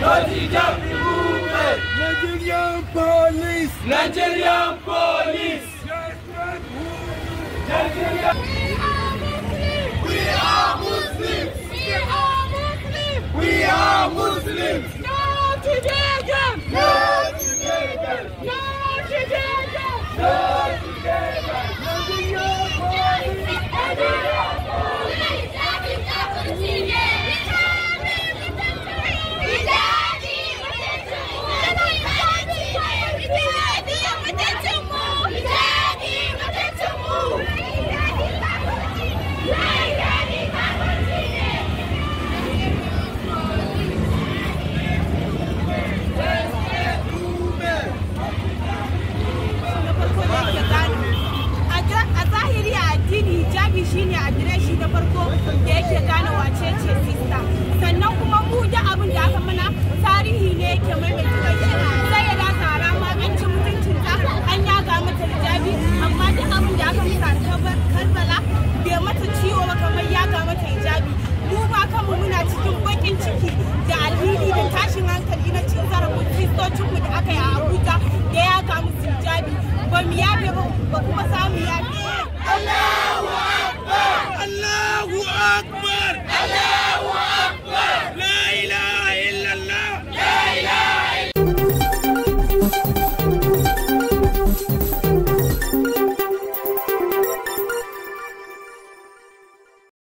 Nigerian movement. Nigerian police. Nigerian police. Nigerian. ba mu yafe ba kuma samu yafe. Allah!